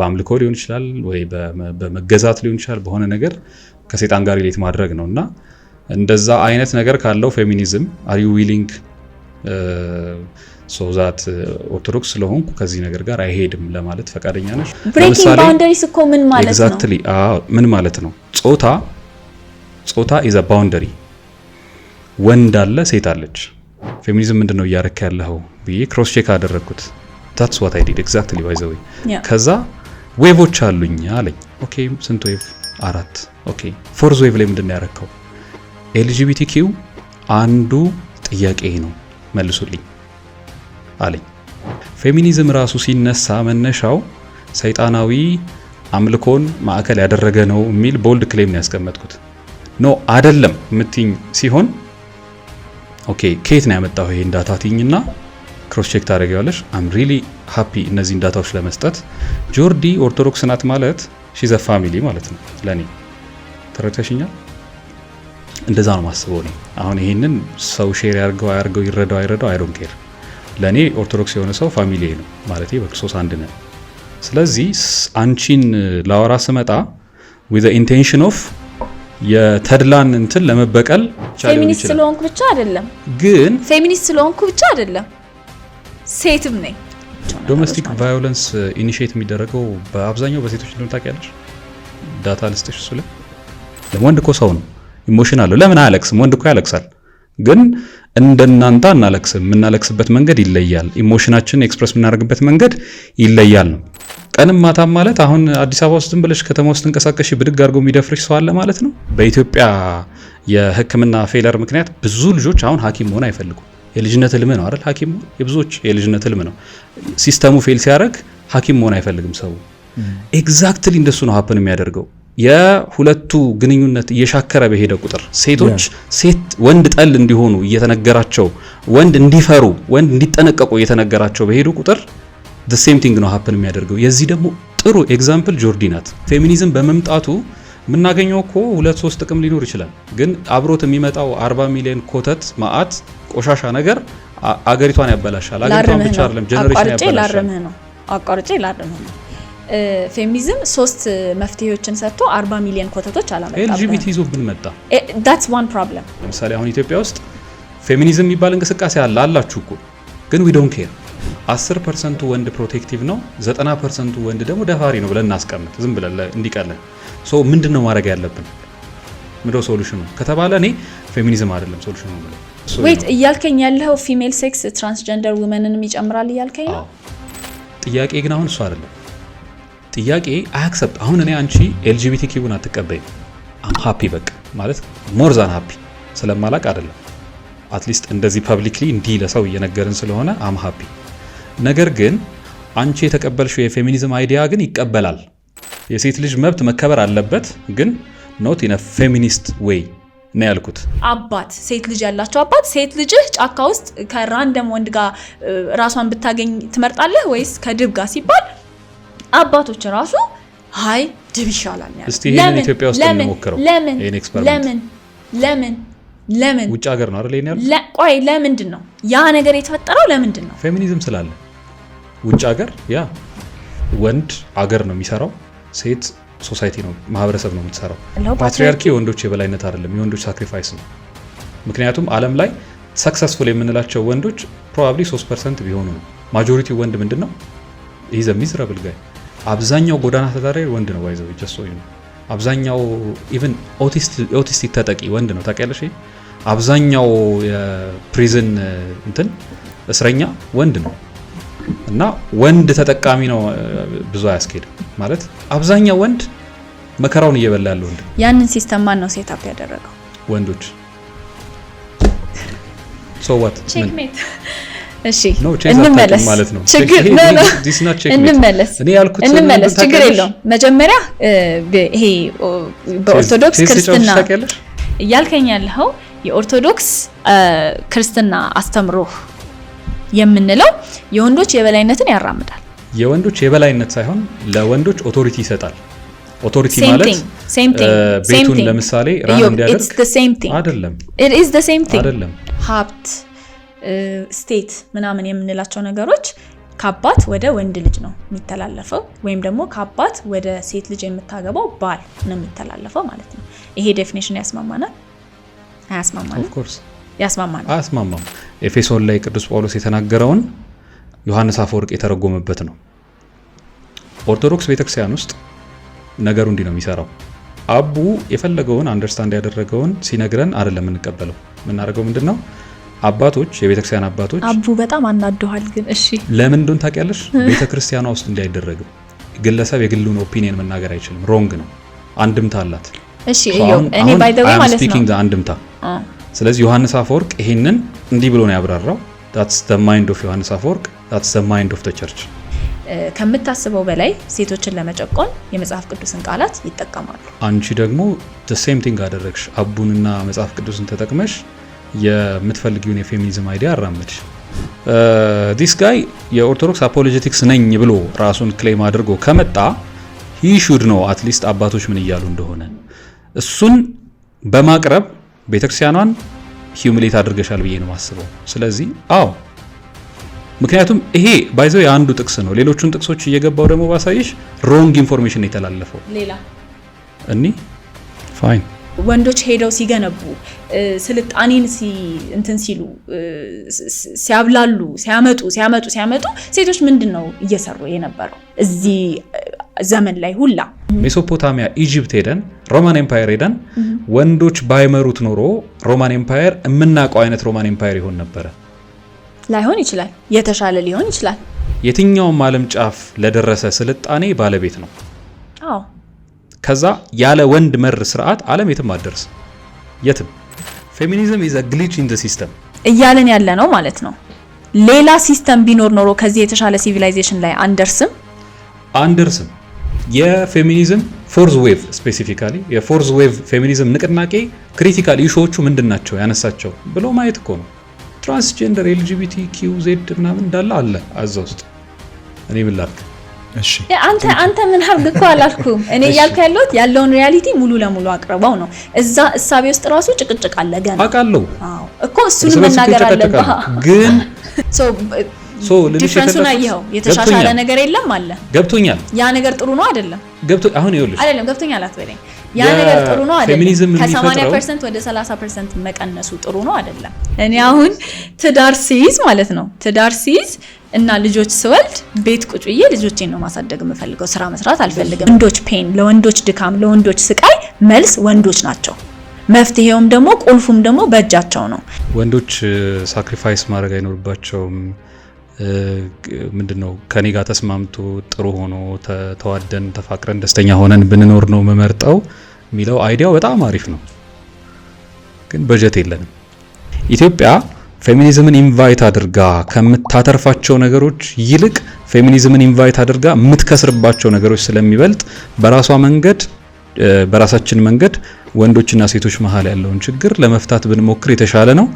በአምልኮ ሊሆን ይችላል ወይ በመገዛት ሊሆን ይችላል። በሆነ ነገር ከሴጣን ጋር ሌት ማድረግ ነው እና እንደዛ አይነት ነገር ካለው ፌሚኒዝም አር ዩ ዊሊንግ ሶዛት ኦርቶዶክስ ስለሆንኩ ከዚህ ነገር ጋር አይሄድም ለማለት ፈቃደኛ ነሽ? ብሬኪንግ ባውንደሪስ እኮ ምን ማለት ነው? ኤግዛክትሊ ምን ማለት ነው? ጾታ ጾታ ኢዝ አ ባውንደሪ። ወንድ አለ፣ ሴት አለች። ፌሚኒዝም ምንድን ነው እያረክ ያለኸው ብዬ ክሮስ ቼክ አደረግኩት። ታትስ ዋት አይ ዲድ ኤግዛክትሊ ባይ ዘ ወይ ከዛ ዌቮች አሉኝ አለኝ። ኦኬ ስንት ዌቭ? አራት። ኦኬ ፎርዝ ዌቭ ላይ ምንድን ነው ያረከው? ኤልጂቢቲ ኪው አንዱ ጥያቄ ነው መልሱልኝ አለኝ። ፌሚኒዝም ራሱ ሲነሳ መነሻው ሰይጣናዊ አምልኮን ማዕከል ያደረገ ነው የሚል ቦልድ ክሌም ነው ያስቀመጥኩት። ኖ አደለም ምትኝ ሲሆን ኦኬ ከየት ነው ያመጣው ይሄን ዳታ ትኝና ክሮስ ቼክ ታደረገዋለሽ። አም ሪሊ ሀፒ እነዚህን ዳታዎች ለመስጠት። ጆርዲ ኦርቶዶክስ ናት ማለት ሺዘ ፋሚሊ ማለት ነው ለእኔ ተረድተሽኛል። እንደዛ ነው ማስበው እኔ አሁን ይህንን ሰው ሼር ያርገው አያርገው ይረዳው አይረዳው አይዶን ኬር። ለእኔ ኦርቶዶክስ የሆነ ሰው ፋሚሊ ነው ማለት በክርስቶስ አንድ ነን። ስለዚህ አንቺን ላወራ ስመጣ ዊዘ ኢንቴንሽን ኦፍ የተድላን እንትን ለመበቀል ፌሚኒስት ስለሆንኩ ብቻ አይደለም ግን ፌሚኒስት ስለሆንኩ ብቻ አይደለም ሴትም ነኝ። ዶሜስቲክ ቫዮለንስ ኢኒሽት የሚደረገው በአብዛኛው በሴቶች እንደሆነ ታውቂያለሽ። ዳታ ልስጥሽ እሱ ላይ ወንድ እኮ ሰው ነው፣ ኢሞሽን አለው። ለምን አያለቅስም? ወንድ እኮ ያለቅሳል፣ ግን እንደናንተ አናለቅስም። የምናለቅስበት መንገድ ይለያል። ኢሞሽናችን ኤክስፕረስ የምናደርግበት መንገድ ይለያል ነው። ቀንም ማታም ማለት አሁን አዲስ አበባ ውስጥ ዝም ብለሽ ከተማ ውስጥ ትንቀሳቀሽ ብድግ አድርጎ የሚደፍርሽ ሰው አለ ማለት ነው። በኢትዮጵያ የሕክምና ፌለር ምክንያት ብዙ ልጆች አሁን ሐኪም መሆን አይፈልጉም። የልጅነት ህልም ነው አይደል? ሐኪም የብዙዎች የልጅነት ህልም ነው። ሲስተሙ ፌል ሲያደርግ ሐኪም መሆን አይፈልግም ሰው። ኤግዛክትሊ እንደሱ ነው ሀፕን የሚያደርገው። የሁለቱ ግንኙነት እየሻከረ በሄደ ቁጥር ሴቶች ሴት ወንድ ጠል እንዲሆኑ እየተነገራቸው፣ ወንድ እንዲፈሩ፣ ወንድ እንዲጠነቀቁ እየተነገራቸው በሄዱ ቁጥር ሴም ቲንግ ነው ሀፕን የሚያደርገው። የዚህ ደግሞ ጥሩ ኤግዛምፕል ጆርዲ ናት። ፌሚኒዝም በመምጣቱ የምናገኘው እኮ ሁለት ሶስት ጥቅም ሊኖር ይችላል። ግን አብሮት የሚመጣው 40 ሚሊዮን ኮተት ማአት ቆሻሻ ነገር አገሪቷን ያበላሻል። አገሪቷን ብቻ አይደለም ጀነሬሽን ያበላሻል። ነው አቋርጬ ላርምህ ነው። ፌሚኒዝም ሶስት መፍትሄዎችን ሰጥቶ 40 ሚሊዮን ኮተቶች አላመጣም። ኤልጂቢቲ ይዞብን መጣ። ዳትስ ዋን ፕሮብለም። ለምሳሌ አሁን ኢትዮጵያ ውስጥ ፌሚኒዝም የሚባል እንቅስቃሴ አለ አላችሁ እኮ ግን ዊ ዶንት ኬር አስር ፐርሰንቱ ወንድ ፕሮቴክቲቭ ነው፣ ዘጠና ፐርሰንቱ ወንድ ደግሞ ደፋሪ ነው ብለን እናስቀምጥ። ዝም ብለን እንዲቀለን ሶ ምንድን ነው ማድረግ ያለብን ምንድነው ሶሉሽኑ ከተባለ እኔ ፌሚኒዝም አይደለም ሶሉሽኑ ነው። ዌት እያልከኝ ያለው ፊሜል ሴክስ ትራንስጀንደር ውመንንም ይጨምራል እያልከኝ ነው። ጥያቄ ግን አሁን እሱ አይደለም ጥያቄ አያክሰፕት አሁን እኔ አንቺ ኤልጂቢቲ ኪቡን አትቀበይም። ሀፒ በቃ ማለት ሞር ዛን ሀፒ ስለማላቅ አይደለም አትሊስት እንደዚህ ፐብሊክሊ እንዲህ ለሰው እየነገርን ስለሆነ አም ሀፒ ነገር ግን አንቺ የተቀበልሽው የፌሚኒዝም አይዲያ ግን ይቀበላል። የሴት ልጅ መብት መከበር አለበት፣ ግን ኖት ኢን ፌሚኒስት ዌይ ነው ያልኩት። አባት ሴት ልጅ ያላቸው አባት ሴት ልጅህ ጫካ ውስጥ ከራንደም ወንድ ጋር ራሷን ብታገኝ ትመርጣለህ ወይስ ከድብ ጋር ሲባል አባቶች ራሱ ሀይ ድብ ይሻላል። እስቲ ይሄንን ኢትዮጵያ ውስጥ እንሞክረው። ለምን ለምን ለምን ለምን ውጭ ሀገር ነው አይደል? ቆይ ለምንድን ነው ያ ነገር የተፈጠረው? ለምንድን ነው ፌሚኒዝም ስላለ ውጭ ሀገር ያ ወንድ አገር ነው የሚሰራው፣ ሴት ሶሳይቲ ነው ማህበረሰብ ነው የምትሰራው። ፓትሪያርኪ የወንዶች የበላይነት አይደለም፣ የወንዶች ሳክሪፋይስ ነው። ምክንያቱም ዓለም ላይ ሰክሰስፉል የምንላቸው ወንዶች ፕሮባብሊ 3 ፐርሰንት ቢሆኑ ነው። ማጆሪቲ ወንድ ምንድን ነው ይዘ ሚዝረብል ጋይ አብዛኛው ጎዳና ተዳዳሪ ወንድ ነው። ይዘው ጀሶ ነው አብዛኛው ኢቨን ኦቲስቲክ ተጠቂ ወንድ ነው። ታውቂያለሽ አብዛኛው የፕሪዝን እንትን እስረኛ ወንድ ነው። እና ወንድ ተጠቃሚ ነው ብዙ አያስኬድም ማለት አብዛኛው ወንድ መከራውን እየበላ ያለ ወንድ። ያንን ሲስተም ማን ነው ሴት አፕ ያደረገው? ወንዶች። ሶዋት እሺ እንመለስ ማለት ነው። እኔ ያልኩት እንመለስ ችግር የለውም። መጀመሪያ ይሄ በኦርቶዶክስ ክርስትና እያልከኝ ያለኸው የኦርቶዶክስ ክርስትና አስተምሮህ የምንለው የወንዶች የበላይነትን ያራምዳል። የወንዶች የበላይነት ሳይሆን ለወንዶች ኦቶሪቲ ይሰጣል። ኦቶሪቲ ማለት ቤቱን ለምሳሌ አይደለም ሀብት፣ ስቴት ምናምን የምንላቸው ነገሮች ከአባት ወደ ወንድ ልጅ ነው የሚተላለፈው፣ ወይም ደግሞ ከአባት ወደ ሴት ልጅ የምታገባው ባል ነው የሚተላለፈው ማለት ነው። ይሄ ዴፊኒሽን ያስማማናል? አያስማማንም? ያስማማል አያስማማም። ኤፌሶን ላይ ቅዱስ ጳውሎስ የተናገረውን ዮሐንስ አፈወርቅ የተረጎመበት ነው። ኦርቶዶክስ ቤተክርስቲያን ውስጥ ነገሩ እንዲህ ነው የሚሰራው። አቡ የፈለገውን አንደርስታንድ ያደረገውን ሲነግረን አይደለም የምንቀበለው። የምናደርገው ምንድን ነው? አባቶች፣ የቤተክርስቲያን አባቶች አቡ በጣም አናደዋል። ግን እሺ ለምን እንደሆነ ታውቂያለሽ? ቤተክርስቲያኗ ውስጥ እንዲህ ግለሰብ የግሉን ኦፒኒየን መናገር አይችልም። ሮንግ ነው። አንድምታ አላት። እሺ እኔ ባይ ዘ ወይ ማለት ነው አንድምታ ስለዚህ ዮሐንስ አፈወርቅ ይሄንን እንዲህ ብሎ ነው ያብራራው። ዳትስ ዘ ማይንድ ኦፍ ዮሐንስ አፈወርቅ፣ ዳትስ ዘ ማይንድ ኦፍ ዘ ቸርች። ከምታስበው በላይ ሴቶችን ለመጨቆን የመጽሐፍ ቅዱስን ቃላት ይጠቀማሉ። አንቺ ደግሞ ዘ ሴም ቲንግ አደረግሽ። አቡንና መጽሐፍ ቅዱስን ተጠቅመሽ የምትፈልጊውን የፌሚኒዝም አይዲያ አራመድሽ። ዲስ ጋይ የኦርቶዶክስ አፖሎጀቲክስ ነኝ ብሎ ራሱን ክሌም አድርጎ ከመጣ ሂ ሹድ ነው አትሊስት አባቶች ምን እያሉ እንደሆነ እሱን በማቅረብ ቤተክርስቲያኗን ሂዩሚሌት አድርገሻል ብዬ ነው ማስበው። ስለዚህ አዎ፣ ምክንያቱም ይሄ ባይዘው የአንዱ ጥቅስ ነው። ሌሎቹን ጥቅሶች እየገባው ደግሞ ባሳይሽ ሮንግ ኢንፎርሜሽን የተላለፈው ሌላ እኒ ፋይን ወንዶች ሄደው ሲገነቡ ስልጣኔን እንትን ሲሉ ሲያብላሉ ሲያመጡ ሲያመጡ ሲያመጡ ሴቶች ምንድን ነው እየሰሩ የነበረው? እዚህ ዘመን ላይ ሁላ ሜሶፖታሚያ ኢጂፕት ሄደን ሮማን ኤምፓየር ሄደን ወንዶች ባይመሩት ኖሮ ሮማን ኤምፓየር የምናውቀው አይነት ሮማን ኤምፓየር ይሆን ነበረ? ላይሆን ይችላል፣ የተሻለ ሊሆን ይችላል። የትኛውም ዓለም ጫፍ ለደረሰ ስልጣኔ ባለቤት ነው። አዎ። ከዛ ያለ ወንድ መር ስርዓት ዓለም የትም አደርስ የትም። ፌሚኒዝም ኢዝ ግሊች ኢን ዘ ሲስተም እያለን ያለ ነው ማለት ነው። ሌላ ሲስተም ቢኖር ኖሮ ከዚህ የተሻለ ሲቪላይዜሽን ላይ አንደርስም አንደርስም የፌሚኒዝም ፎርዝ ዌቭ ስፔሲፊካሊ የፎርዝ ዌቭ ፌሚኒዝም ንቅናቄ ክሪቲካል ኢሹዎቹ ምንድን ናቸው ያነሳቸው ብሎ ማየት እኮ ነው። ትራንስጀንደር ኤልጂቢቲ ኪው ዜድ ምናምን እንዳለ አለ አዛ ውስጥ እኔ ምን ላድርግ? አንተ አንተ ምን አድርግ እኮ አላልኩም። እኔ እያልኩ ያለሁት ያለውን ሪያሊቲ ሙሉ ለሙሉ አቅርበው ነው። እዛ እሳቤ ውስጥ ራሱ ጭቅጭቅ አለ ገና አውቃለሁ እኮ እሱንም መናገር አለብህ ግን ሶ ዲፍረንሱን አየኸው? የተሻሻለ ነገር የለም አለ። ገብቶኛል። ያ ነገር ጥሩ ነው አይደለም? ገብቶ አሁን ይኸውልሽ፣ አይደለም ገብቶኛል አትበለኝ። ያ ነገር ጥሩ ነው አይደለም? ፌሚኒዝም ከ80% ወደ 30% መቀነሱ ጥሩ ነው አይደለም? እኔ አሁን ትዳር ሲይዝ ማለት ነው ትዳር ሲይዝ እና ልጆች ስወልድ ቤት ቁጭ ብዬ ልጆቼን ነው ማሳደግ የምፈልገው፣ ስራ መስራት አልፈልግም። ወንዶች ፔን፣ ለወንዶች ድካም፣ ለወንዶች ስቃይ መልስ ወንዶች ናቸው። መፍትሄውም ደግሞ ቁልፉም ደግሞ በእጃቸው ነው። ወንዶች ሳክሪፋይስ ማድረግ አይኖርባቸውም። ምንድን ነው ከኔ ጋር ተስማምቶ ጥሩ ሆኖ ተዋደን ተፋቅረን ደስተኛ ሆነን ብንኖር ነው መመርጠው የሚለው አይዲያው በጣም አሪፍ ነው፣ ግን በጀት የለንም። ኢትዮጵያ ፌሚኒዝምን ኢንቫይት አድርጋ ከምታተርፋቸው ነገሮች ይልቅ ፌሚኒዝምን ኢንቫይት አድርጋ የምትከስርባቸው ነገሮች ስለሚበልጥ በራሷ መንገድ በራሳችን መንገድ ወንዶችና ሴቶች መሀል ያለውን ችግር ለመፍታት ብንሞክር የተሻለ ነው።